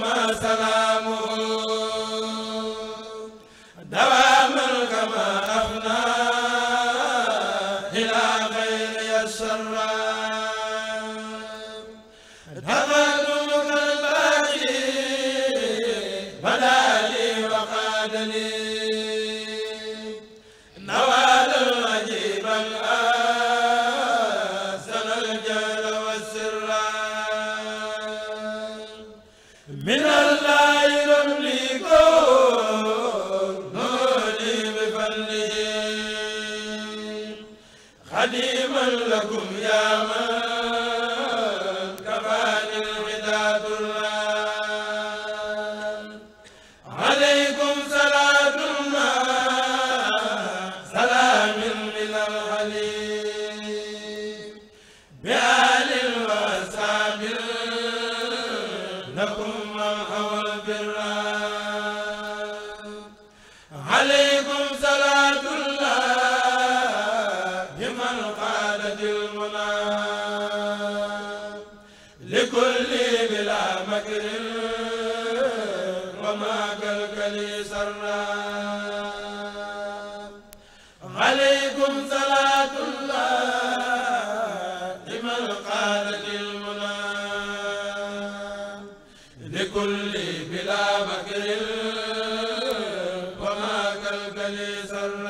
ma sala xadiman lakum yaa man لي سرا عليكم صلاة الله لمن قادت المنى لكل بلا مكر وما كالكلي سرا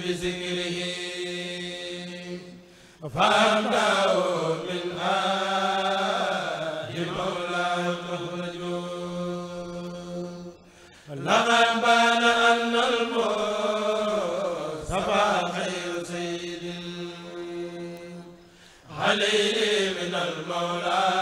بذكره فامداه من آه مولاه تخرج لقد بان أن المصطفى خير سيد عليه من المولى